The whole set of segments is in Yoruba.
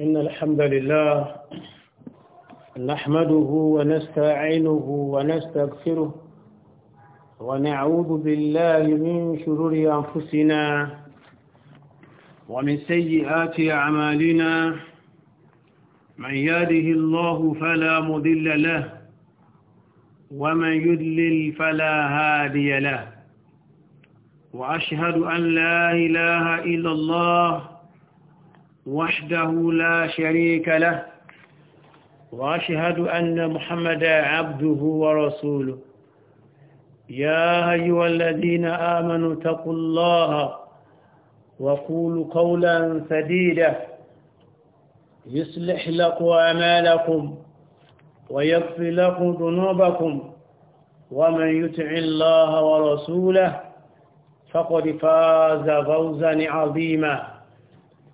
إن الحمد لله نحمده ونستعينه ونستغفره ونعوذ بالله من شرور أنفسنا ومن سيئات أعمالنا من يهده الله فلا مضل له ومن يدلل فلا هادي له وأشهد أن لا إله إلا الله وحده لا شريك له وأشهد أن محمد عبده ورسوله يا أيها الذين آمنوا اتقوا الله وقولوا قولا سديدا يصلح لكم أعمالكم ويغفر لكم ذنوبكم ومن يطع الله ورسوله فقد فاز فوزا عظيما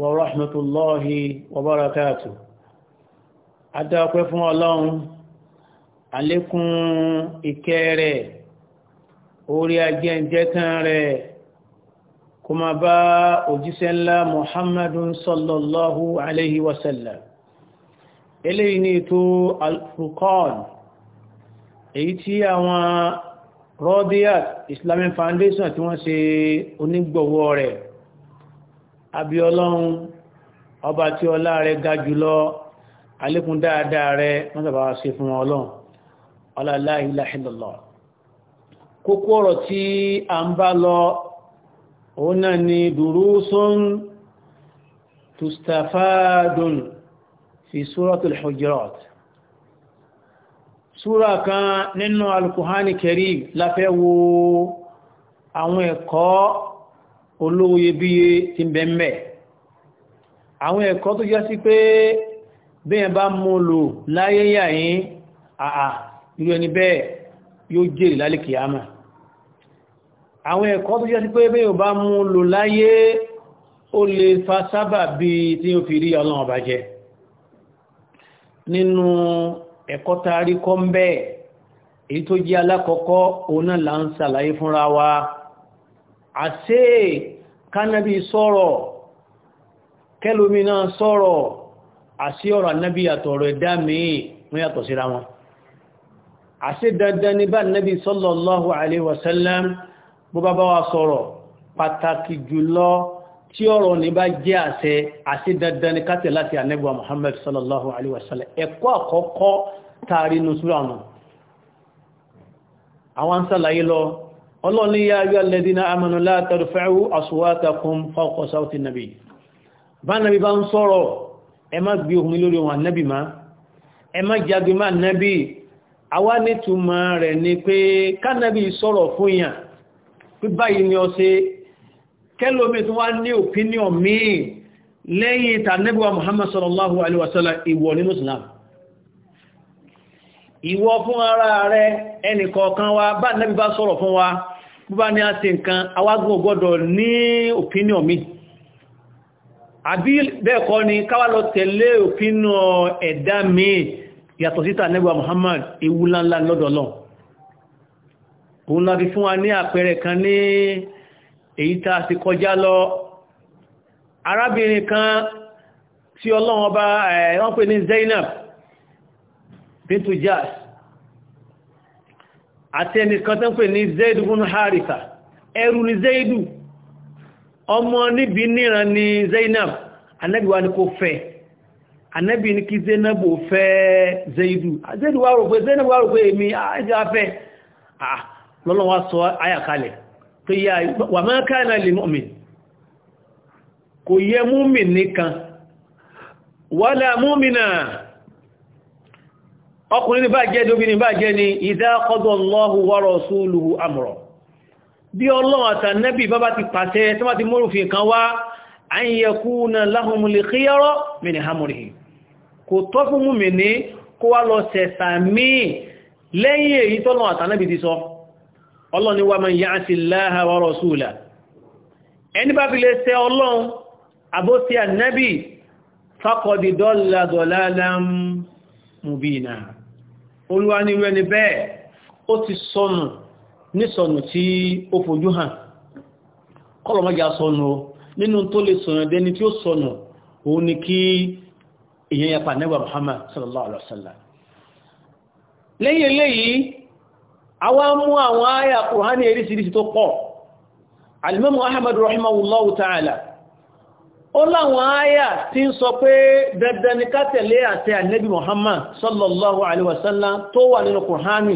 ورحمة الله وبركاته adáwọ̀pẹ́ fún ọlọ́run àlékún ìkẹ́ rẹ̀ orí ajẹ́ǹjẹ́tàn rẹ̀ kó máa bá òjíṣẹ́ ńlá muhammadun sallallahu alaihi wasallam eléyìí ni ètò al-Furqan èyí tí àwọn Rodiat Islamic Foundation tí wọ́n ṣe onígbọ̀wọ́ rẹ̀ àbí ọlọ́run ọba tí ọlá rẹ̀ ga jùlọ alékún dáadáa rẹ̀ wọ́n sábà wá sí fún ọlọ́run ọlọ́lá ìlàhìlọ́lọ́ kókó ọ̀rọ̀ tí a ń bá lọ òun náà ni durusun tustafadun fi suratul hujurat súra kan nínú alkuhani karim láfẹ́ wo àwọn ẹ̀kọ́ olówó iyebíye ti ń bẹ́m̀bẹ̀ àwọn ẹ̀kọ́ tó já sí pé bẹ́ẹ̀ bá mú lò láyé yàyín àà irú ẹni bẹ́ẹ̀ yóò jèrè lálẹ́ kìyàmà àwọn ẹ̀kọ́ tó já sí pé bẹ́ẹ̀ bá mú lò láyé ó lè fa sábà bí tí ó fi rí ọlọ́run nínú ẹ̀kọ́ tarí kọ́ ń bẹ́ẹ̀ èyí tó jẹ́ alákọ̀ọ́kọ́ àṣẹ kánábí sọ̀rọ̀ kẹlòmínà sọ̀rọ̀ àṣẹ ọ̀rọ̀ annabi àtọ̀rọ̀ ẹ̀dá mìí wọ́n yàtọ̀ síra wọn àṣẹ dandan ní bá annabi sallallahu alaihi wasallam bó bá bá wa sọ̀rọ̀ pàtàkì jùlọ tí ọ̀rọ̀ ní bá jẹ́ àṣẹ àṣẹ dandan ní kátẹ̀ láti annabi muhammad sallallahu alaihi wasallam ẹ̀kọ́ àkọ́kọ́ tààrí nusura wọn àwọn sàlàyé lọ ọlọ́run ní yá ayọ́ alẹ́dínà amanu la tarfa'u aswatakum fawqa sawti nàbí bá nàbí bá ń sọ̀rọ̀ ẹ má gbé ohùn lórí wọn nàbí má ẹ má jágbe má nàbí àwa nítumọ̀ rẹ̀ ni pé kánàbí sọ̀rọ̀ fún yàn pé báyìí ni ọ ìwọ fún ara rẹ ẹnìkọ̀ọ̀kan wa bá nẹ́bí bá fún wa bụba bá ní a ti nǹkan awágún ọgbọ́dọ̀ ní opinion mi àbí bẹ́ẹ̀kọ́ ni káwà lọ tẹ̀lé opinion mi yàtọ̀ síta nẹ́bí Muhammad ewu ńláńlá lọ́dọ̀ọ̀lọ́ òun fún wa ní kan ní èyí a ti kọjá lọ arábìnrin kan tí ọlọ́wọ́n bá ẹ̀rọ́pẹ́ ní Zainab bintu Jahsh àti ẹnìkan tó ń pè ní zaidu bin haritha ẹrù ni zaidu ọmọ níbi níran ni zainab ànábì wa ni kò fẹ́ ànábì ni kí zainab ò fẹ́ zaidu zaidu wa rò pé zainab wá rò pé èmi àjẹ́ ah, ah, lọ́lọ́wọ́ sọ ayàkalẹ̀ pé yá wà máa káàlá lè mọ́mí kò yẹ múmi nìkan wà láà múmi náà ọkùnrin ní bá jẹ́ dóbi ní bá jẹ́ ni ìdákọ́dọ̀ Allahu wa rasuluhu amra bí ọlọ́run àtànẹ́bì bá bá ti pàṣẹ tí wọ́n ti mọ́rùfin kan wá an yakuna lahumul khiyara min amrihim kò tọ́ fún múmi ní kó wá lọ sẹ̀sà míì lẹ́yìn èyí tọ́lọ́run àtànẹ́bì ti sọ ọlọ́run olúwa ní rẹni bẹ́ẹ̀ ó ti sọnù nísọnù tí ó fojú hàn kọlọmọ́já sọnù nínú tó lè sọnù dẹni tí ó sọnù òun ni kí èyàn yapa nẹ́wà Muhammad sallallahu alaihi wasallam lẹ́yìn eléyìí àwa mú àwọn àyà Kùránì ta'ala ó láwọn áyà tí ń sọ pé dandan ni ká tẹ̀lé àti ànẹ́bí Muhammad sallallahu alaihi wasallam tó wà nínú kùránì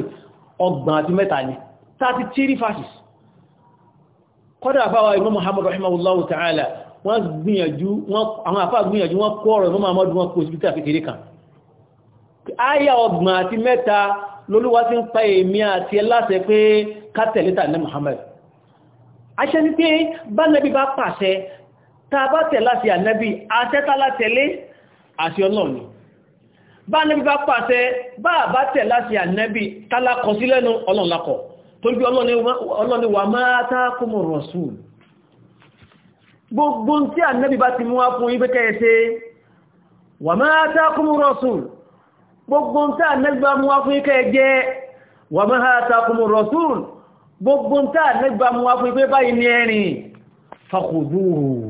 ọgbọ̀n àti mẹ́ta ni 33 verses kọ́dà àfáwà Imam Muhammad rahimahullahu ta'ala wọ́n gbìyànjú àwọn àfáà gbìyànjú wọ́n kọ́ ọ̀rọ̀ Imam Muhammad wọn kò sí pítà kékeré kan áyà ọgbọ̀n àti mẹ́ta lólúwá ti ń pa èmi ta bá tẹ̀ láti ànábì àtẹ́ta látẹ̀lé àti ọlọ́ni bá nábi bá pàṣẹ bá bá tẹ̀ láti ànábì tálákọ sí lẹ́nu ọlọ́nlákọ̀ tó bí ọlọ́ni wà máa tákùnmù rọ̀sùn gbogbo tí ànábì bá ti mú wá fún ibẹ́ kẹ́ẹ̀ṣe wà máa tákùnmù rọ̀sùn gbogbo tí ànábì bá mú wá fún ikẹ́ẹ̀jẹ wà máa tákùnmù rọ̀sùn gbogbo tí ànábì báyìí ní ẹ̀rìn fàkùdúrù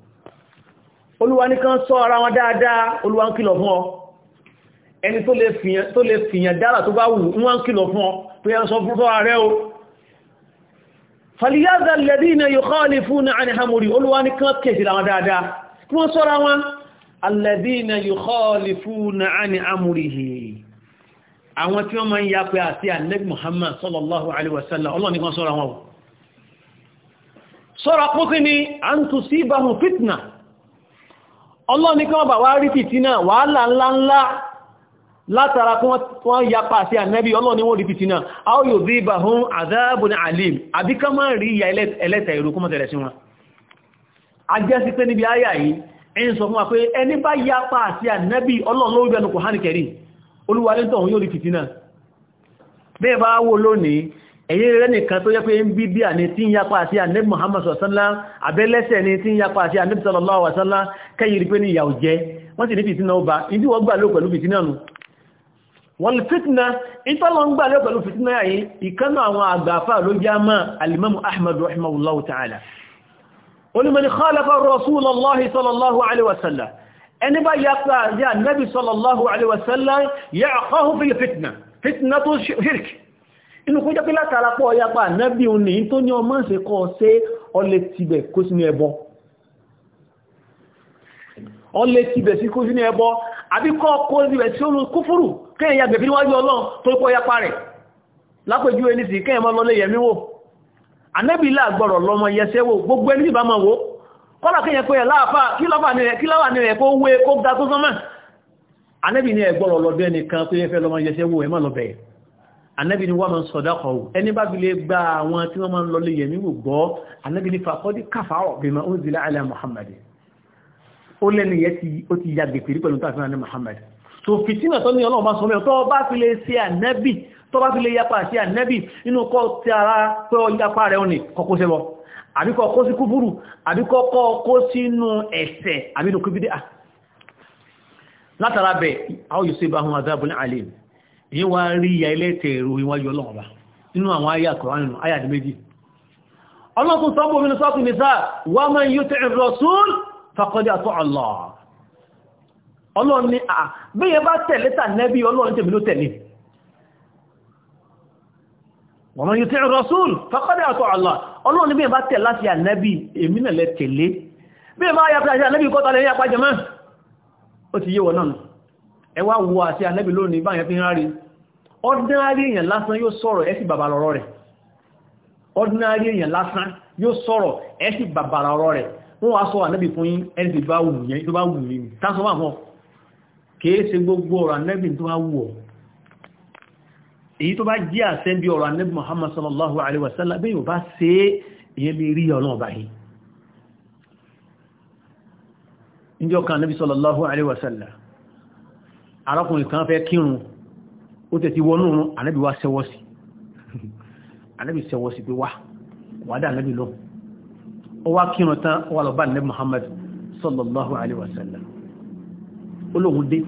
olúwa ní kan sọ ara wọn dáadáa olúwa ń kìlọ̀ fún ọ ẹni tó lè fìyàn dára tó bá wù wọ́n ń kìlọ̀ fún ọ tó yẹn sọ fún fọ́wà rẹ o fàlìyàzà lẹ́dí iná yóò kọ́ lè fún ní àníhàmórí olúwa ní kan kèsì ra wọn dáadáa kí wọ́n sọ́ra wọn alẹ́dí ni a ń tún sí ibáhùn fitna ọlọ́run ní kí wọ́n bà wá rí fìtínà wàhálà ńláńlá látara kí wọ́n yapa sí ànẹ́bí ọlọ́run ní wọ́n rí fìtínà a ó yóò bí ibà hún àdáàbùn alim àbí ká máa rí ìyà ẹlẹ́tẹ̀ ìrù kúmọ̀ tẹ̀lẹ̀ sí wọn a jẹ́ sí pé níbi ayà yìí ẹ̀yìn sọ fún wa pé ẹni bá yapa sí ànẹ́bí ọlọ́run lórí ẹnu kò hàn kẹrí olúwa lẹ́tọ̀ òun yóò rí fìtínà bẹ́ẹ̀ bá wò lónìí ẹ̀yìn rẹ̀ nìkan tó yẹ pé ń bí bí àní tí ń yapa àti ànẹ́bì Muhammad sọ̀sánlá abẹ́lẹ́sẹ̀ ni tí ń yapa àti ànẹ́bì sallallahu alaihi wasallam kẹ́yìn rí pé ní ìyà òjẹ́ wọ́n sì ní fìtínà ọba ibi wọ́n gbà ló pẹ̀lú fìtínà nù wọ́n lè fìtínà ìtọ́lọ́ ń gbà ló pẹ̀lú fìtínà yìí ìkánà àwọn àgbàfà ló já mọ́ alimamu Ahmad rahimahullahu ta'ala olùmọ̀ni khalafa rasulullahi sallallahu alaihi wasallam ẹni bá yapa àti ànẹ́bì sallallahu alaihi wasallam ya'qahu fil fitna fitnatu shirk inú kó jẹ́ pé látara pọ̀ ọyapa ànábì òun ní tó ní ọmọ ṣe kọ́ ṣe ọlẹ̀ tibẹ̀ kó sínú ẹbọ ọlẹ̀ tibẹ̀ sí kó sínú ẹbọ àbí kọ́ kó tibẹ̀ sí olú kúfúrù kéèyàn yàgbẹ̀ fi níwájú ọlọ́run tó kọ́ ọyapa rẹ̀ lápẹjú ẹni sí kéèyàn máa lọlé yẹmí wò ànábì láàgbọ̀rọ̀ lọmọ yẹsẹ́ wò gbogbo ẹni sì bá máa wò kọ́lá kéèyàn pé ẹ̀ láàfà kí lọ́wà ní rẹ̀ kó wé kó ga tó sánmà ànábì ní ẹ̀gbọ́rọ̀ lọ́dọ́ ẹnìkan pé ẹ fẹ́ lọmọ yẹsẹ́ wò ẹ má lọ bẹ̀ẹ́ anábì ni wọ́n mọ̀ sọ̀dákọ̀ ò ẹni bá bilé gba àwọn tí wọ́n mọ̀ ń lọlé yẹ̀mí wò gbọ́ anábì ni fàkọ́dí káfàárọ̀ bí ma ó zìlá alẹ́ muhammadu ó lẹ́nu yẹ ti ó ti ya gbèpèrí pẹ̀lú tó àfihàn ní muhammadu so fìtínà tó ní ọlọ́run bá sọ mẹ́rin tó bá fi lè ṣe ànábì tó bá fi lè yapa sí ah. látara bẹ̀ àwọn yóò ṣe bá hun adábùn èyí wá rí ìyà ẹlẹ́tẹ̀ èrò ìwọ́n yọ lọ́wọ́ bá nínú àwọn àyà Kùránì nínú àyà méjì ọlọ́kùn sọ́bọ̀ mi sọ́kù ní sáà wà mọ́ yóò tẹ́ ìrọ̀sún fàkọ́dí àtọ́ Allah ọlọ́run ní à bẹ́yẹ bá tẹ̀lé tà nẹ́bí ọlọ́run tẹ̀mí ló tẹ̀lé wà mọ́ yóò tẹ́ ìrọ̀sún fàkọ́dí àtọ́ Allah ọlọ́run ní bẹ́yẹ bá tẹ̀ láti ẹ wá wo àti ànẹ́bì lónìí báyẹn fi rárí ordinary èèyàn lásán yóò sọ̀rọ̀ ẹ sì bàbàrà rẹ̀ ordinary èèyàn lásán yóò sọ̀rọ̀ ẹ sì bàbàrà ọ̀rọ̀ rẹ̀ wọ́n wá sọ ànẹ́bì fún yín ẹni tó bá wù yẹn tó bá wù yín tásọ wà fún kìí ṣe gbogbo ọ̀rọ̀ ànẹ́bì tó bá Muhammad sallallahu alaihi wasallam bí yóò bá ṣe ìyẹn bí rí ọ̀nà kan ànẹ́bì sallallahu alaihi wasallam arákùnrin kan fẹ́ kírun ó tẹ̀ ti wọnú oorun ànábì wá sẹ́wọ́ sí ànábì sẹ́wọ́ sí pé wá wà dá ànábì lọ ó wá kírun tán ó wà lọ bá ànábì Muhammad sallallahu alaihi wasallam ó lóhun dé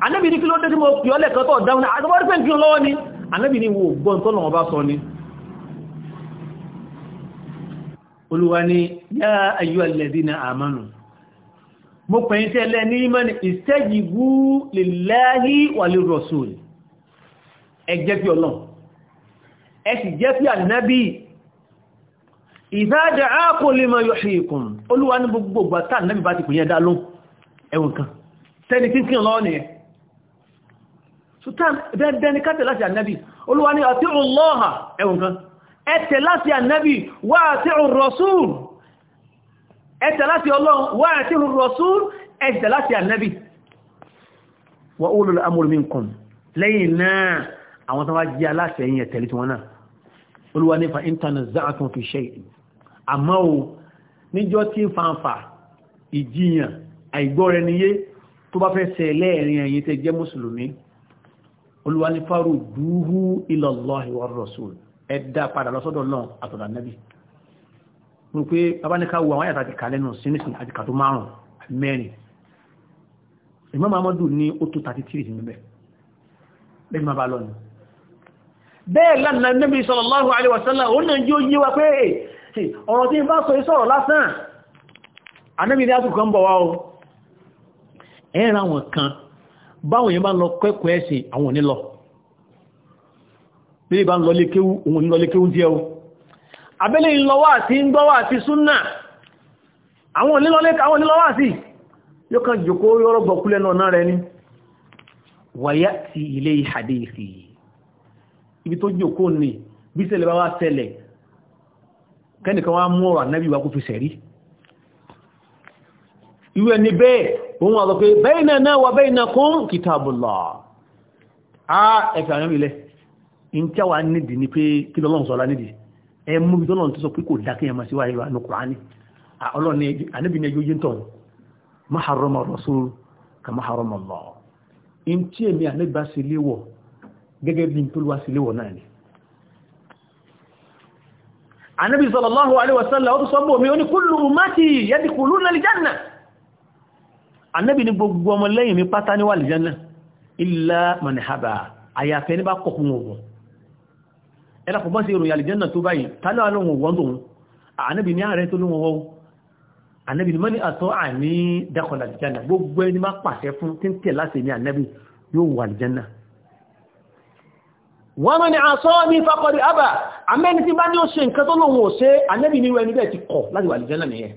ànábì ní kí ló dé tí mo pè ọ́ lẹ́ẹ̀kan tó mo pẹ̀yìn tí ẹlẹ́ ní ìmọ̀ ni ìsẹ́jìbú lillahi wà lè rọ̀sùl ẹ jẹ́ pé Ọlọ́run ẹ sì jẹ́ pé ànábì ìzáàdà ápò lè mọ̀ yọ̀ṣì ìkùn olúwa ní gbogbo gbàtà ànábì bá ti pè yẹn dá lóhùn ẹwọ̀n kan tẹ́ni tí ń kíyàn lọ́wọ́ nìyẹn sultan dẹ́ni ẹ̀tẹ̀ láti ọlọ́run wà àti rọ̀sún ẹ̀tẹ̀ láti ànẹ́bì wa ulul amri minkum lẹ́yìn náà àwọn tó wá jí aláṣẹ yìí ẹ̀tẹ̀lẹ́ tí wọ́n náà olúwa ní fa intanaza'atun fi shay'in àmọ́ o níjọ́ tí fanfà ìjiyàn àìgbọ́rẹniyé tó bá fẹ́ ṣẹ lẹ́ẹ̀rin ẹ̀yin tẹ́ jẹ́ mùsùlùmí olúwa ẹ̀dá padà lọ́sọ́dọ̀ náà àtọ̀dà nẹ́bì mo pé bàbá ní ká wo àwọn àyàtà ti kà lẹ́nu sínísìn àti kàtó márùn-ún mẹ́rin Imam Ahmadu ní ó tó 33 sí níbẹ̀ lẹ́yìn máa bá lọ́nà bẹ́ẹ̀ lánàá Nabi sallallahu alaihi wasallam ó náà jí ó yíwa pé ọ̀rọ̀ tí bá sọ ìsọ̀rọ̀ lásán anẹ́bí ní àtùkọ́ ń bọ̀ wá o ẹ̀rà wọn kan báwọn yẹn bá lọ kẹ́kọ̀ọ́ ẹ̀sìn àwọn onílọ bí bá ń lọ lékéwú òun ní díẹ̀ o abẹ́lé ìlọ́wà àti ń gbọ́wà àti súnnà àwọn onílọ́lẹ́ àwọn onílọ́wà sí yóò kàn jòkó yọ́rọ̀ gbọ̀kúlẹ̀ náà rẹ̀ ní wàyá ti ilé ibi tó jòkó ní bí ṣẹlẹ̀ bá wá ṣẹlẹ̀ kẹ́nìkan wá mú ọ̀rọ̀ ànábì wá kó fi sẹ̀rí irú ẹni bẹ́ẹ̀ òun wà lọ́pẹ́ baynana wa la kitabullah a wà nídìí ni ẹ mú bí tọ́lọ́n tó sọ pé kò dákẹ́ ẹmọ síwá ìwà ní kùránì ọlọ́ni anábì ní ẹjọ́ yín tọ̀ maharama rasul ka maharama lọ in tí èmi anábì bá sí léwọ̀ gẹ́gẹ́ bí n tó lọ́wọ́ sí léwọ̀ náà ni anábì sallallahu alaihi ẹlẹ́kùn bọ́ sí ìròyìn àlìjẹ́nà tó báyìí tálọ́ alóhun wọ́n tóun ànábì ní ààrẹ tó lóhun wọ́wọ́ ànábì ní mọ́ni àtọ́ àní dákọ̀lá àlìjẹ́nà gbogbo ẹni má pàṣẹ fún tí ń tẹ̀ láti ní ànábì yóò wọ àlìjẹ́nà wọ́n mọ́ ni àṣọ ní fakọ̀dì àbà àmẹ́ni tí bá ní ó ṣe nǹkan tó lóhun ò ṣe ànábì ní ẹni bẹ́ẹ̀ ti kọ̀ láti wà àlìjẹ́nà nìyẹn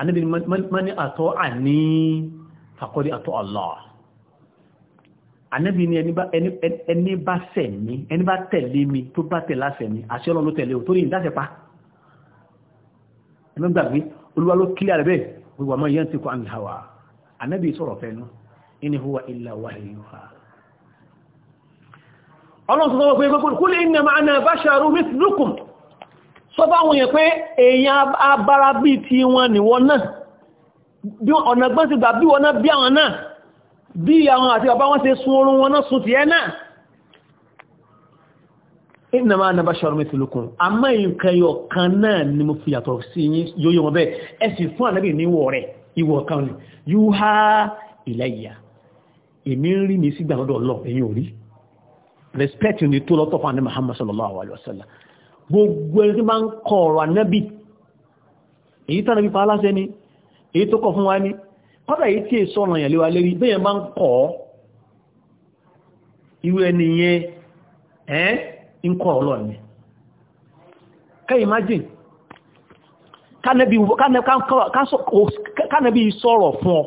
anábi mani àtọ́ àní fàkọ́dí àtọ́ Allah anábi ni ẹni bá sẹ̀ mí ẹni bá tẹ̀lé mi tó bá tẹ̀ lásẹ̀ mi àṣẹ ọlọ́run ló tẹ̀lé ò torí ìdáṣẹ́pá ẹmẹ́gbàgbé olúwa ló kílẹ̀ rẹ̀ bẹ́ẹ̀ wíwà mọ́ yẹn ti kọ́ àmì hàwà anábi sọ̀rọ̀ fẹ́nu in huwa illa wahyuha ọlọ́run sọ pé kúlẹ̀ inna ma'ana basharun mithlukum sọ fáwọn èèyàn pé èèyàn abára bí ti wọn nìwọ náà bí ọ̀nà gbọ́n ti gbà bí wọn náà bí àwọn náà bí àwọn àti bàbá wọn ṣe sun oorun wọn náà sun ti ẹ́ náà ìnàmà anàbáṣọ́rọ̀ mẹ́tìlúkùn a mọ́ ìkẹyọ kan náà ni mo fi yàtọ̀ sí yóò yóò bẹ́ẹ̀ ẹ̀sì fún ànábì níwọ̀ rẹ̀ ìwọ̀ kan ni yóò gbogbo ẹni tí máa ń kọ ọ̀rọ̀ ànábì èyí tánà bí paláṣẹ ni èyí tó kọ fún wa ní kọ́dà èyí tí èso ọ̀nà ìyàlẹ́wà lérí bẹ́yẹn máa ń kọ́ irú ẹni yẹn ẹ́ ń kọ́ ọ̀lọ́ ni kẹ́yìn imagine kánẹ́bí sọ̀rọ̀ fún ọ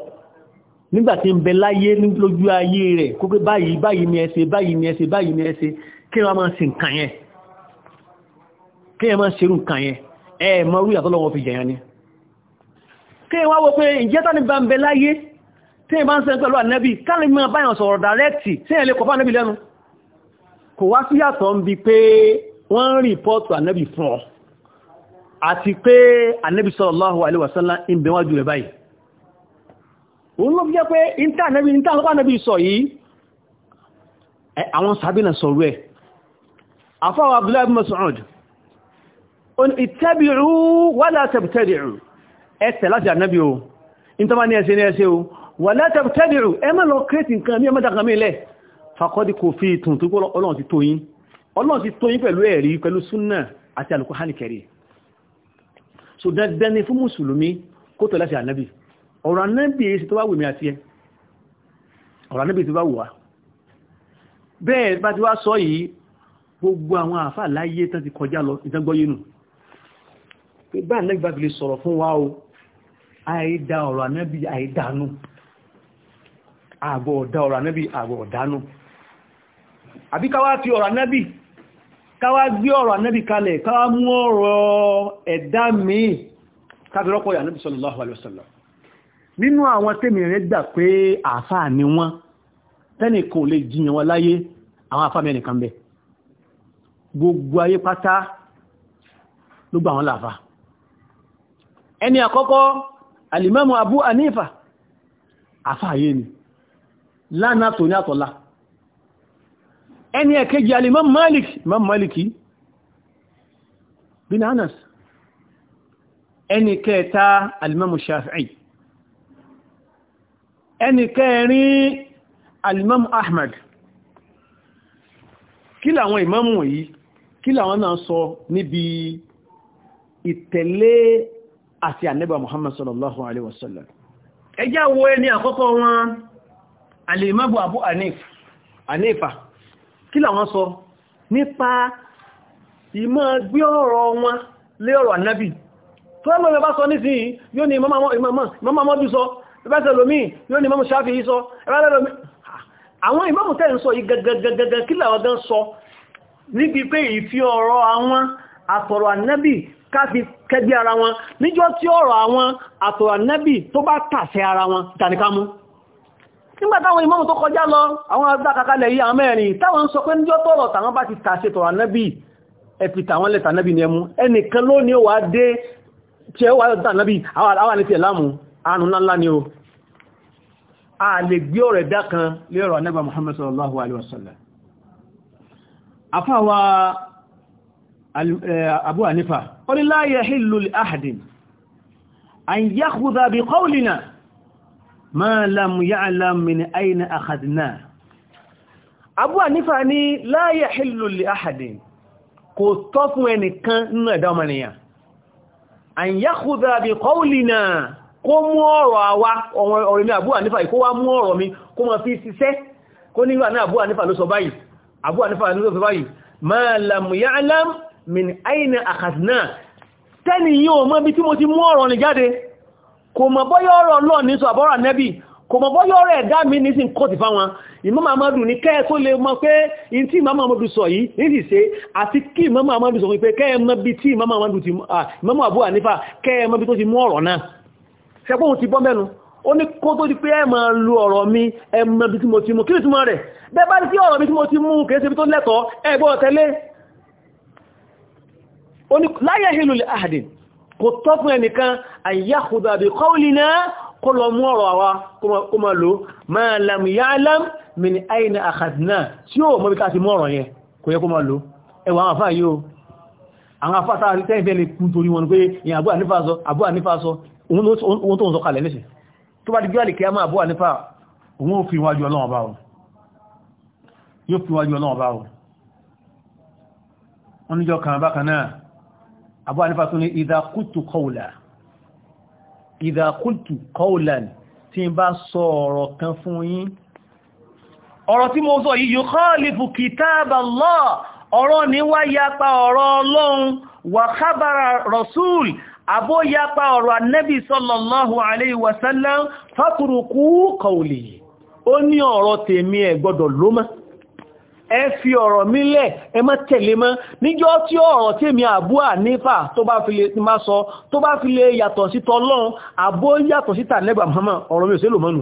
nígbàtí ń bẹ láyé lójú ayé rẹ̀ kó pé báyìí báyìí ni báyìí ni báyìí ni kí wọ́n kí ẹ máa ṣerú nǹkan yẹn ẹ mọ́ orí àtọ́lọ́wọ́ fi jẹyàn ni kí ẹ wá wọ pé ìjẹta ní bá ń bẹ láyé tí ẹ bá ń sẹ́ pẹ̀lú ànẹ́bí káàlì mìíràn báyàn sọ̀rọ̀ dàrẹ́kì tí ẹ lè kọ̀fà ànẹ́bí lẹ́nu kò wá sí yàtọ̀ ń bi pé wọ́n ń rìpọ́ọ̀tù ànẹ́bí fún ọ àti pé ànẹ́bí sallallahu àwọn sàbínà sọ̀rọ̀ ẹ̀ àfáwọ̀ Abdullahi Mas'ud ìtẹ́bìrú wala tẹ̀bìtẹ́bìrú ẹ̀tẹ̀ láti ànábì o in tó bá ní ẹsẹ̀ ní ẹsẹ̀ o wala tẹ̀bìtẹ́bìrú ẹ má lọ kírètì nǹkan mí ẹmọ́ta kan mílẹ̀ fakọ́dí kò fi ìtùn tó Ọlọ́run ti tó yín Ọlọ́run ti tó yín pẹ̀lú ẹ̀rí pẹ̀lú súnà àti Al-Qur'ani kẹrì so dandan ni fún mùsùlùmí kó tọ̀ láti ànábì ọ̀rọ̀ ànábì èsì tó gbogbo àwọn àfà láyé tán ti kọjá lọ ìtàgbọ́yé nù pé bá ànábì bá fi lè sọ̀rọ̀ fún wa o àìdá ọ̀rọ̀ ànábì àìdánú àgbọ̀ ọ̀dá ọ̀rọ̀ ànábì àgbọ̀ ọ̀dánú àbí káwá fi ọ̀rọ̀ ànábì káwá gbé ọ̀rọ̀ ànábì kalẹ̀ káwá mú ọ̀rọ̀ ẹ̀dá sallallahu alaihi wasallam nínú àwọn tèmi rẹ̀ gbà pé àáfàá ni wọ́n tẹ́nìkan ò lè jiyàn wọn láyé àwọn afáàmì gbogbo ayé pátá ló gbà wọn làfàá ẹni àkọ́kọ́ alìmọ́mù Abu Hanifa àfáàyé ni lánàá tó ní àtọ́lá ẹni ẹ̀kejì alìmọ́mù Malik imam Maliki bin Anas ẹni kẹta alìmọ́mù Shafi'i ẹni kẹrin alìmọ́mù Ahmad kí làwọn ìmọ́mù yìí kí làwọn náà sọ níbi ìtẹ̀lé àti ànẹ́bà Muhammad sallallahu alaihi wasallam ẹjá wo ẹni àkọ́kọ́ wọn alìmọ́bù Abu Hanifa kí làwọn sọ nípa ìmọ̀ gbé ọ̀rọ̀ wọn lé ọ̀rọ̀ ànábì tó ẹmọ̀ rẹ̀ bá sọ ní sí yóò ní mọ́mọ́dú sọ ẹbẹ́sẹ̀ lómi yóò ní mọ́mọ́ sáfì sọ ẹbẹ́sẹ̀ lómi àwọn ìmọ̀mù tẹ́ ń sọ yìí gẹ́gẹ́gẹ́gẹ́ kí làwọn gan sọ níbi pé ìfi ọ̀rọ̀ àwọn àtọ̀rọ̀ ànábì káfi kẹgbẹ́ ara wọn níjọ́ tí ọ̀rọ̀ àwọn àtọ̀rọ̀ tó bá ara wọn tàníkámú nígbàtàwọn ìmáàmù tó kọjá lọ àwọn agbákakalẹ̀ yìí àwọn mẹ́rin táwọn ń sọ pé níjọ́ tọ́rọ̀ tàwọn bá ti tàṣẹ tọ̀rọ̀ ànábì tọ tàwọn lẹ́tà ànábì ni ẹmú ẹnìkan ló ní wà dé tí ó wà lọ́tà Eh, Abu Hanifa ó ní la yahillu li ahadin an yakhudha bi qawlina ma lam ya'lam min ayna akhadna Abu Hanifa ní la yahillu li ahadin kò tọ́ fún ẹnìkan nínú ẹ̀dá ọmọnìyàn an yakhudha bi qawlina kó mú ọ̀rọ̀ àwa ọ̀rọ̀ mi Abu Hanifa kó wá mú ọ̀rọ̀ mi kó mọ̀ fi ṣiṣẹ́ kó nígbà ma lam ya'lam min aina akhadna tẹ́ni yíò mọ́ bí tí mo ti mú ọ̀rọ̀ ní jáde kò mọ̀ bọ́yọ́ ọ̀rọ̀ lọ ní sọ àbọ́rọ̀ nẹ́bì kò mọ̀ bọ́yọ́ ọ̀rọ̀ ẹ̀dá mi ní sí ń kọ́ ti fáwọn ìmọ́mà amadu ní kẹ́ tó lè mọ̀ pé in tí ìmọ́mà amadu sọ yìí ní sì ṣe àti kí ìmọ́mà amadu sọ pé kẹ́ mọ̀ bí tí ìmọ́mà amadu ti ìmọ́mà àbú ànífà kẹ́ mọ̀ bí tó ti mú ọ̀rọ̀ náà ṣẹpọ́n ti bọ́ mẹ́nu ó ní kó tó di pé ẹ máa lu ọ̀rọ̀ mi ẹ mọ̀ bí tí mo ti mú kí ni túmọ̀ rẹ̀ bẹ́ẹ̀ bá ti ọ̀rọ̀ mi tí mo ti mú kèé ṣe bí tó lẹ́tọ̀ọ́ ẹ gbọ́dọ̀ tẹ́lẹ̀ ó ní láyé hìlú àdì kò tọ́ fún ẹnìkan àyàkùdà bí kọ́ùlìnà kó lọ mú ọ̀rọ̀ àwa kó ma lò máa lamìyàlám mìí àìní àkàdínà tí ó mọ́bí káàkiri mú ọ̀rọ̀ yẹn kò yẹ kó ma lò ẹwà àwọn àfáà yóò àwọn àfáà tààrí tẹ́ẹ̀fẹ́ lè kún torí wọn pé ìyàn àbúà nífà sọ àbúà nífà sọ ohun tó ń sọ kalẹ̀ kan bákan náà abu anifa tún ní ìdákùtù kọ́ùlà ìdákùtù kọ́ùlà tí ń bá sọ ọ̀rọ̀ kan fún yín ọ̀rọ̀ tí mo sọ yìí yóò khalifu kìtàbà lọ́ ọ̀rọ̀ ní wá yapa ọ̀rọ̀ ọlọ́run wà khabara rasul abó yapa ọ̀rọ̀ annabi sallallahu alaihi ẹ fi ọ̀rọ̀ mi lẹ̀ ẹ má tẹ̀lé mọ́ níjọ́ tí ọ̀rọ̀ tèmi àbú ànífà tó bá fi lè má sọ tó bá fi lè yàtọ̀ sí tọlọ́run àbó yàtọ̀ sí tànẹ́gbà Muhammad ọ̀rọ̀ mi ò mọ́nu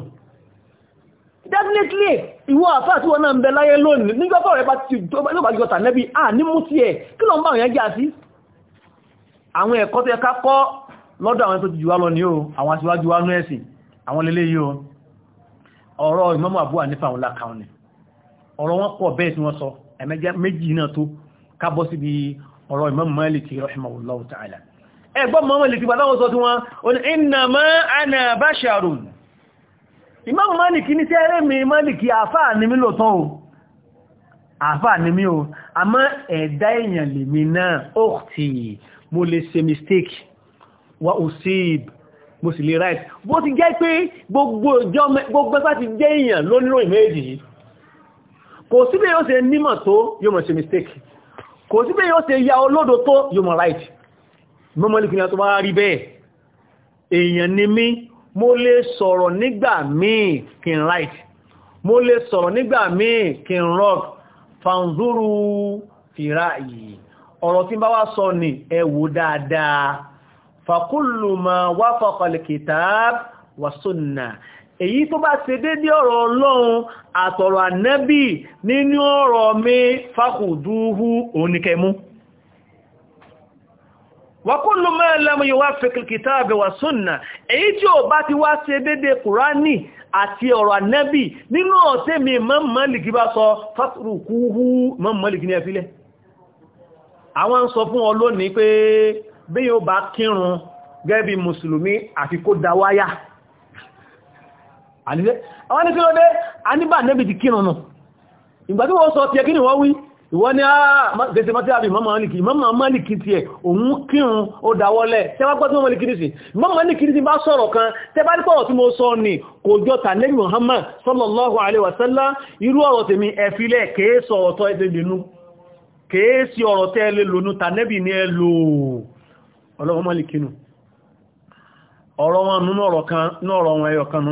definitely ìwọ àfáà tí wọ́n náà ń bẹ láyé lónìí níjọ́ tọ́rọ̀ ẹ bá ti tó bá jọ tànẹ́bì à ní mú tiẹ̀ kí ló ń bá òyìn jà sí àwọn ẹ̀kọ́ tó yẹ ká kọ́ ọ̀rọ̀ Imam Abu Hanifa òun lákàún ni ọ̀rọ̀ wọn pọ̀ bẹ́ẹ̀ tí wọ́n sọ ẹ̀mẹ́já méjì náà tó kábọ́ síbi ọ̀rọ̀ Imam Maliki rahimahullahu ta'ala ẹgbọ́n Maliki bá dáwọn sọ tí wọ́n oní innama ana basharun Imam Maliki ní tẹ́rẹ́ mi Maliki àfáà ni mí lòtọ́ o àfáà ni mí o àmọ́ ẹ̀dá èèyàn lè mi náà òkìtì mo lè ṣe mistake wa usib mo sì lè right bó ti jẹ́ pé gbogbo ẹgbẹ́ ti jẹ́ èèyàn lóníròyìn méjì yìí kò síbẹ̀ yóò ṣe nímọ̀ tó yóò mọ̀ ṣe mistake kò síbẹ̀ yóò ṣe ya olódo tó yóò mọ̀ right mọ́mọ́lìkìnà tó bá rí bẹ́ẹ̀ èèyàn ni mí mo lè sọ̀rọ̀ nígbà míì kí n right mo lè sọ̀rọ̀ nígbà míì kí n rock fanzuru fìrà yìí ọ̀rọ̀ tí bá wá sọ ní ẹ wò dáadáa fakullu ma wafaqa wa sunnah èyí tó bá ṣe dédé ọ̀rọ̀ ọlọ́run àtọ̀rọ̀ ànẹ́bì nínú ọ̀rọ̀ mi fákùdúhú oníkẹmú wàkúlù mẹ́lẹ́mù yíwá fẹ́kìlkìtà àbẹ̀wà súnnà èyí tí ó bá ti wá ṣe dédé kùránì àti ọ̀rọ̀ ànẹ́bì nínú ọ̀tẹ́ mi mọ́mọ́lìkì bá sọ fátùrùkúhú mọ́mọ́lìkì ní ẹfílẹ̀ àwọn sọ fún ọ pé bí yóò bá kírun gẹ́bí mùsùlùmí àfi kó àníṣẹ́ àwọn ní kí ló dé a nígbà nẹ́bì ti kírùn náà ìgbà tí wọ́n sọ tí ẹ kí ni wọ́n wí ìwọ́n ní àgbẹ̀sẹ̀ mọ́tíàbì mọ́mọ̀lìkì mọ́mọ̀lìkì tí ẹ òun kírùn ó dáwọ́lẹ̀ tẹ́wà gbọ́ tí mọ́mọ̀lìkì ní sí mọ́mọ̀lìkì ní bá wasallam irú ọ̀rọ̀ tèmi ẹ̀filẹ̀ kèésọ̀ ọ̀tọ̀ ẹ̀dẹ̀lẹ̀nu kèésì ọ̀rọ̀ tẹ́ lè lónú tànẹ́bì ní ẹ lò ọlọ́mọ̀lìkì nù ọ̀rọ̀ wọn nú ọ̀rọ̀ kan nú ọ̀rọ̀ wọn kan nú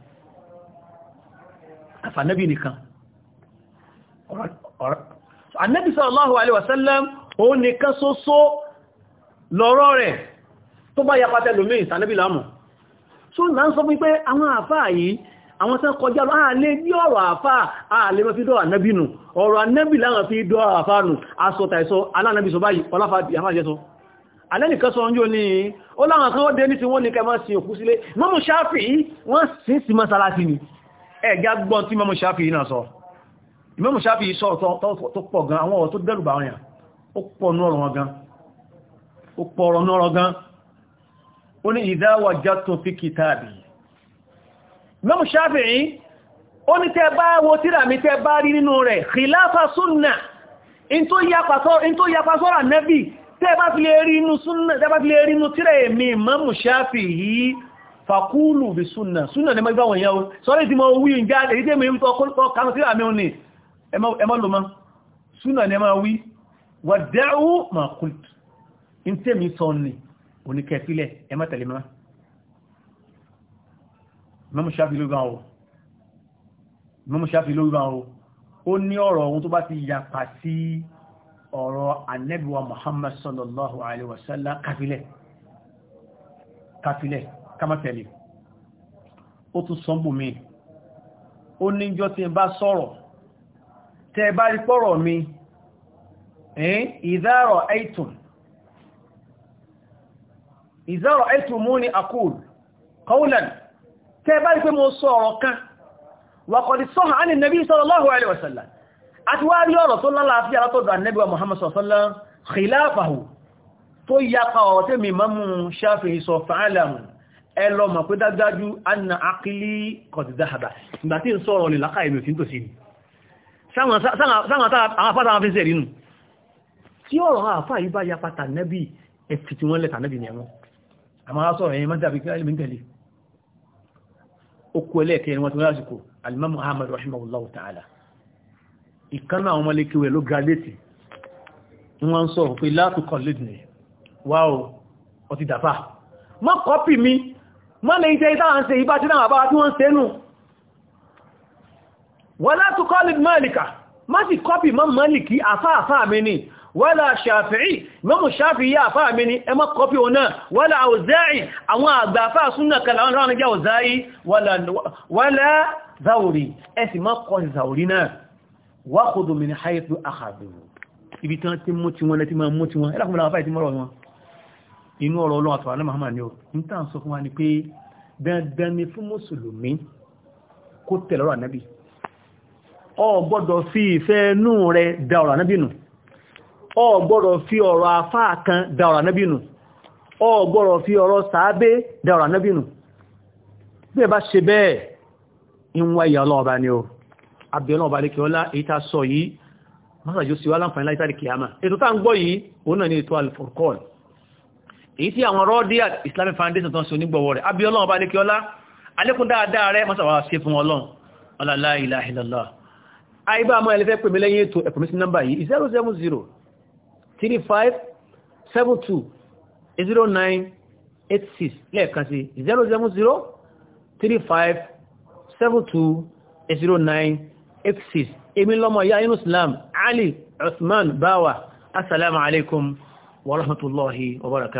àfànẹ́bì nìkan ànẹ́bì sallallahu alaihi wasallam òun nìkan ṣoṣo lọ́rọ̀ rẹ̀ tó bá yapatẹ lómi ìsànẹ́bì lámù tó là ń sọ wípé àwọn àfáà yìí àwọn tán kọjá lọ ààlé ní ọ̀rọ̀ àfáà ààlé mọ́ fi dọ́ ànẹ́bì nù ọ̀rọ̀ ànẹ́bì láwọn fi dọ́ àfáà nù asọ̀tàìsọ alánàbì sọ báyìí ọláfàájẹ́ sọ alẹ́nìkan sọ yóò ní ó láwọn kan ó dé ní tí wọ́n ní kẹ ẹ̀gá gbọ́n tí Imam Shafi'i náà sọ Imam Shafi'i sọ tó pọ̀ gan àwọn ọ̀rọ̀ tó dẹ́rùbà ọ̀yàn ó pọ̀ nọ́rọ̀ gan ó pọ̀ ọ̀rọ̀ nọ́rọ̀ gan ó ní idha wajadtum fi kitabi Imam Shafi'i ó ní tẹ́ bá wo tíra mi tẹ́ bá rí nínú rẹ̀ khilafa sunna in tó yapa sọ́rọ̀ nẹ́bì tẹ́ bá fi lè rí inú tíra èmi Imam Shafi'i fàkúlù bí súnà súnà ní mẹ́gbàwọ̀n yẹ́ o sọ́rọ̀ ìdí mọ́ wí ń já èyí tẹ́ mẹ́rin tọ́kọ́ kánú sí àmì òní ẹmọ́ lọ mọ́ súnà ní ẹmọ́ wí wà dẹ́rù ma kùlt in tẹ́mi sọ ọ̀rọ̀ anẹ́bíwa Muhammad sallallahu alaihi wasallam kafilẹ̀ kafilẹ̀ kama tẹ̀lé ó tún sọ bù mí ó níjọ́ tí bá sọ̀rọ̀ tẹ́ bá rí pọ́rọ̀ mi ìdárọ̀ ẹ̀tùn ìdárọ̀ ẹ̀tùn mú ní àkúl kọ́ùlàn tẹ́ bá rí pé mo sọ ọ̀rọ̀ kan wàkọ̀dì sọ́hàn á ní nàbí sallallahu alaihi wasallam àti wá rí ọ̀rọ̀ tó lálàáfíà látọ̀dọ̀ ẹ lọ mọ̀ pé dájájú anna akílí kọ̀dìdáhàbà ìgbà tí ń sọ̀rọ̀ lè lákàá èmì òfin tó sí ni sáwọn afáta wọn fi sẹ̀rí nù tí ọ̀rọ̀ àfá yìí bá yapa tànẹ́bì ẹ̀fì tí wọ́n lẹ̀ tànẹ́bì ní ẹ̀wọ̀n àmọ́ sọ̀rọ̀ ẹ̀yìn mọ́jábí kẹ́lẹ̀mìntẹ̀lẹ̀ okú ẹlẹ́ẹ̀kẹ́ ni wọ́n ti wọ́n lásìkò alimamu ahmad rahimahullahu ta'ala ìkan náà wọ́n lè kíwẹ̀ ló gradate wọ́n sọ̀rọ̀ pé látùkọ̀ lẹ́dìnì wáò ọtí dàfà mọ́ kọ́pì mi má lè iṣẹ́ ìta ń ṣe ìbá tí náà bá tí wọ́n ṣe nù wala tu qalib Malika má sì kọ́pì mọ́ Maliki àfáàfáà mi ni wala Shafi'i mọ́mù Shafi'i àfáà mi ni ẹ má kọ́pì o náà wala Auza'i àwọn àgbàfáà súnà kalawọn ráwọn jẹ́ Auza'i wala Zawri ẹ sì má kọ́ Zawri náà wákòdò min haythu akhadhu ibi tán tí mú ti wọn lẹ́tí máa mú ti wọn ẹlẹ́kùnrin àwọn àfáà ti mọ́rọ̀ wọn inú ọ̀rọ̀ ọlọ́run àtàwọn alẹ́ Muhammad ni ó ń tà ń sọ fún wa ni pé dandan ni fún mùsùlùmí kó tẹ̀lé ọ̀rọ̀ ànábì ọ gbọ́dọ̀ fi ìfẹ́ inú rẹ da ọ̀rọ̀ ànábì nù ọ gbọ́dọ̀ fi ọ̀rọ̀ afáà kan da ọ̀rọ̀ ànábì nù ọ gbọ́dọ̀ fi ọ̀rọ̀ sàábé da ọ̀rọ̀ ànábì nù bí ẹ bá ṣe bẹ́ẹ̀ ń ni ó abẹ́ èyí tí àwọn rọ́díà islamic foundation tó ń ṣe onígbọ̀wọ́ rẹ̀ àbí ọlọ́run bá lékí ọlá alékún dáadáa rẹ̀ mọ́sàwà ṣe fún ọlọ́run ọlọ́lá ìlàhìlọ́lá àìbá àmọ́ ẹlẹ́fẹ́ pèmí lẹ́yìn ètò ẹ̀pùnmí sí nọ́mbà yìí 07035720986 lẹ́ẹ̀kan sí 07035720986 èmi lọ́mọ ya inú islam ali usman bawa assalamu alaikum wa rahmatullahi wa barakatuh